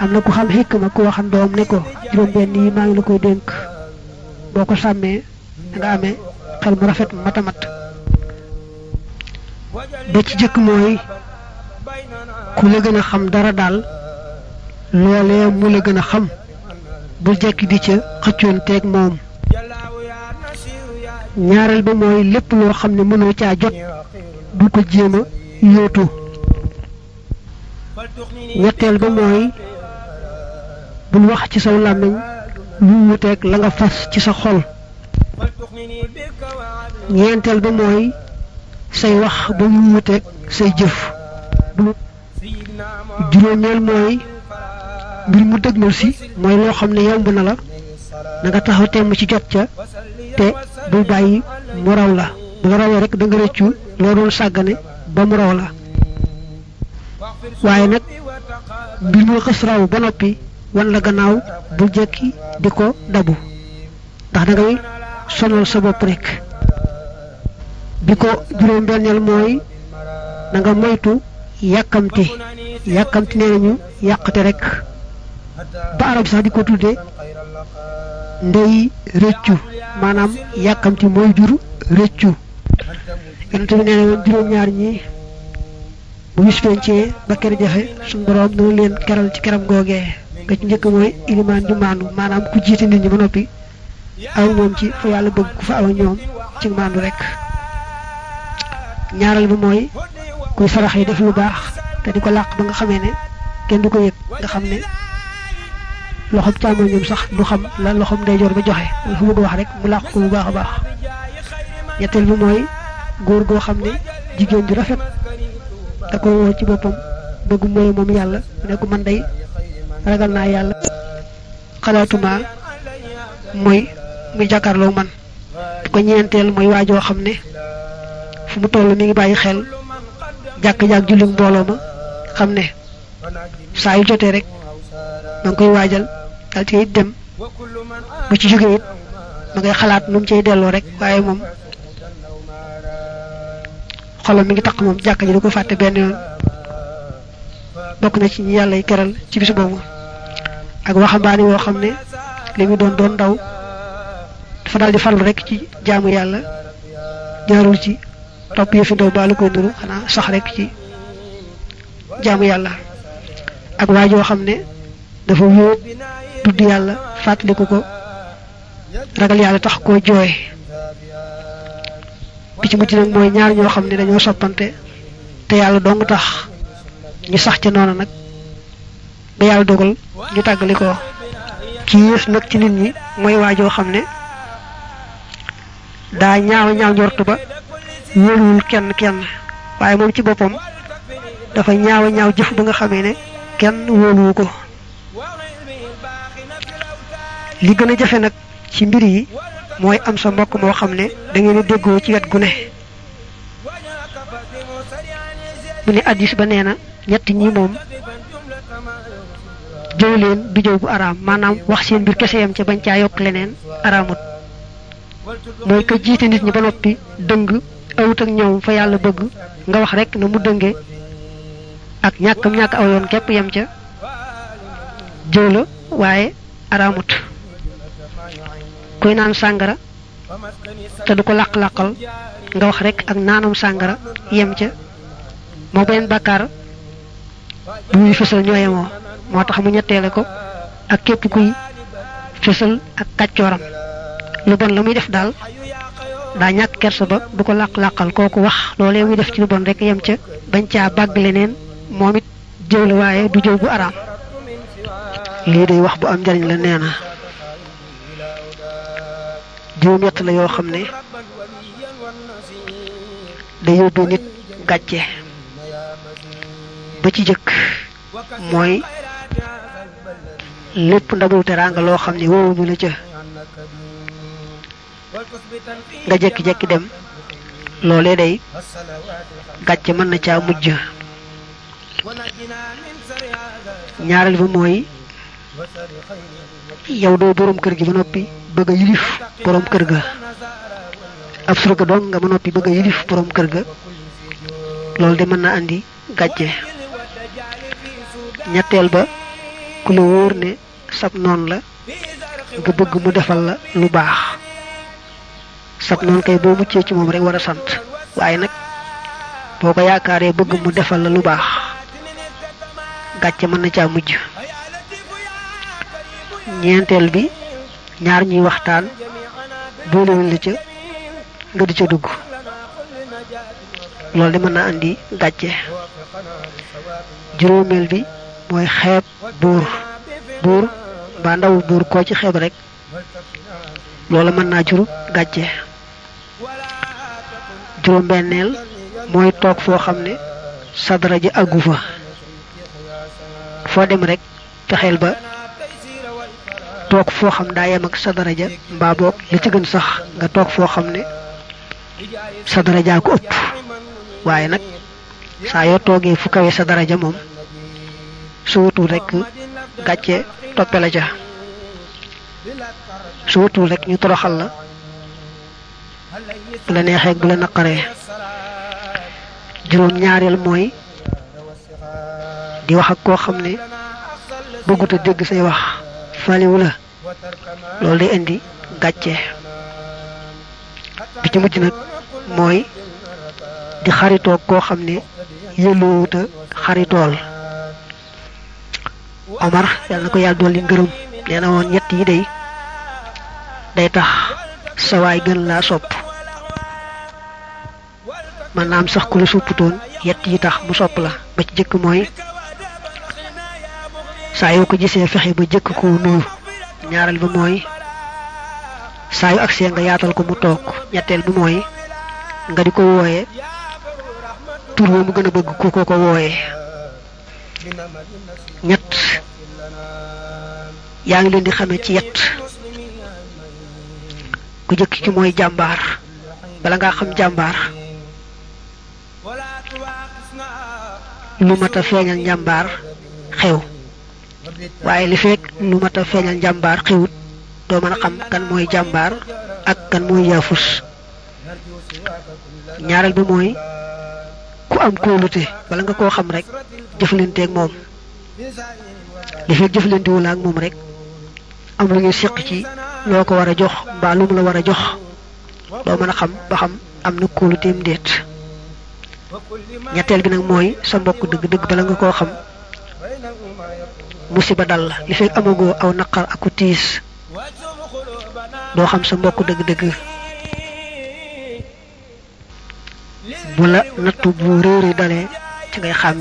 am na ku xam xikma ku waxan ne ko juróom benn yi maa ngi la koy dénk boo ko sàmmee da nga amee xel mu rafet mat ba ci jëkk mooy ku la gën a xam dara daal loolee mu la gën a xam bul jekki di ca xëccoon teeg moom ñaareel ba mooy lépp loo xam ne mënoo caa jot du ko jéem yóotu ñetteel ba mooy bul wax ci saw ñu lu wuteeg la nga fas ci sa xol ñentel ba moy say wax ñu mu wuteeg say jëf juróomeel moy mbir mu dëgmal na ci moy lo ne yomb na la da nga taxaw ci jot ca te bu bayyi mu raw la bu raw rek da nga reccu lo doon sagane ba mu raw la waye nak mu ba nopi wan la gannaaw bul jekki di ko dabu ndax da ngay sonal rek bi ko juróom benneel mooy da moytu yàkkamti yàkkamti nee ñu yàqate rek ba arab sax di ko tudde ndey rëccu maanaam yàkkamti mooy jur rëccu yonent bi nee na juróom-ñaar ñi bu bis pencee ba kër jafe su boroom dana leen keral ci keram googe nga ci njëkk mooy ilimaan ju maandu maanaam ku jiite nit ñi ba noppi aw ñoom ci fa yàlla bëgg ku fa aw ñoom ci maandu rek ñaareel bi mooy kuy sarax yi def lu baax te di ko làq ba nga xamee ne kenn du ko yëg nga xam ne loxoom càmmoñam sax du xam la loxoom ndeyjoor ba joxe lu fa bëgg wax rek mu làq ko bu baax a baax ñetteel bi mooy góor goo xam ne jigéen ju rafet da ko woo ci boppam bëgg mooy moom yàlla ne man day ragal naa yàlla xalaatuma mooy muy jàkkaarloo man ko ñeenteel mooy waajoo xam ne fu mu toll mi ngi bàyyi xel jàkk-jàkk julli mbooloo ma xam ne saa yu jotee rek ma ngi koy waajal daal ci it dem bu ci jógee it ma ngay xalaat nu mu cay delloo rek waaye moom xolam mi ngi taq moom jàkk ji du ko fàtte benn yoon bokk na ci ñi yàlla yi keral ci bis boobu ak waxambaane woo xam ne li mu doon doon ndaw dafa daal di farlu rek ci jaamu yàlla jaarul ci topp yëfi ndaw baalu koy duru xanaa sax rek ci jaamu yàlla ak waa joo xam ne dafa wóot tudd yàlla fàttaliku ko ragal yàlla tax koo jooy bi ci mujj nag mooy ñaar ñoo xam ne dañoo soppante te yàlla dong tax ñu sax ca noonu nag ba yàlla dogal ñu tàggali ko ci yées nag ci nit ñi mooy waajoo xam ne daa ñaaw ñaaw njort ba wóoluwul kenn kenn waaye moom ci boppam dafa ñaaw ñaaw jëf ba nga xamee ne kenn wóoluwu ko li gën a jafe nag ci mbir yi mooy am sa mbokk moo xam ne dangeen ngeen di déggoo ci wet gu ne mu ne addis ba nee na ñett ñi moom jëw leen du jëw bu araam maanaam wax seen mbir kese yam ca bañ caa yokk leneen araamut mooy ko jiite nit ñi ba noppi dëng awut ak ñoom fa yàlla bëgg nga wax rekk na mu dënge ak ñàkkam ñàkk aw yoon képp yem ca jëw la waaye araamut kuy naan sàngara te du ko làq-làqal nga wax rek ak naanam sàngara yem ca moo beneen bàkkaar ñuy fësal ñooyamoo moo tax mu ñetteele ko ak képp kuy fësal ak kàccooram lu bon la muy def daal daa ñàkk kerse ba bu ko làq-làqal kooku wax loolee muy def ci lu bon rek yem ca bañ caa bàgg leneen moom it jëw waaye du jëw bu araam lii day wax bu am njariñ la nee na juróom ñett la yoo xam ne day yóbbu nit gàcce ba ci jëkk mooy lépp ndabul teranga loo xam ne woowu la ca nga jekki-jekki dem loolee day gàcce mën na caa mujj ñaaral ba mooy yow doo borom kër gi ba noppi bëgg a yilif borom kër ga ab surga doon nga ba noppi bëgg a borom kër ga loolu de mën andi gàcce ñettel ba ku la wóor ne sab non la nga bëgg mu defal la lu baax sab non kay bo muccee ci mom rek wara a sant waaye nag boo bëgg mu defal la lu baax gatché mën na mujj ñentel bi ñaar ñi waxtaan lu ñu ci nga di ci dugg lolou andi gatché juróomeel bi mooy xeeb buur buur mbaa ndawu buur koo ci xeeb rek loola mën naa jur gàcce juróom-benneel mooy toog foo xam ne sadara ji àggu fa foo dem rek fexeel ba toog foo xam daa yem ak sadara ja mbaa boog li ci gën sax nga toog foo xam ne sadara jaa ko ëpp waaye nag saa yoo toogee fu kawe sa daraja moom su wutul rek gàcce toppe ja ca su wutul rek ñu toroxal la bu la neexee bu la naqaree juróom ñaareel mooy di wax ak koo xam ne bëggut dégg say wax faliwu la loolu day indi gàcce bi ci mujj nag mooy di xaritoog koo xam ne hari tol omar yàlla na ko yalla dolli ngeerum nee won ñet yi day day tax way gën la sopp man am sax ku la ton yett yi tax bu sopp la ba ci jëkk moy saa ko gisee fexé ba jëkk ko nu ñaaral ba moy yu nga yaatal ko mu tok ñettel bu moy nga diko woyé tour mo gëna bëgg ku ko ko yang ñet yaa leen di xamé ci yett ku jëk ci moy jambar bala nga xam jambar lu mata feñal jambar xew waye li fek lu mata feñal jambar xewut do mën xam kan moy jambar ak kan moy yafus ñaaral bu moy ku am kóolute bala nga koo xam rek jëflanteeg moom li fekk jëflantewul ak moom rek am lu ñu seq ci loo ko war a jox mbaa lu mu la war a jox loo mën a xam ba xam am na kóoluteem déet ñetteel bi nag mooy sa mbokk dëgg-dëgg bala nga koo xam musiba dal la li fekk amagoo aw naqar aku tiis doo xam sa mbokk dëgg-dëgg bu la nattu bu réere dalee ci ngay xam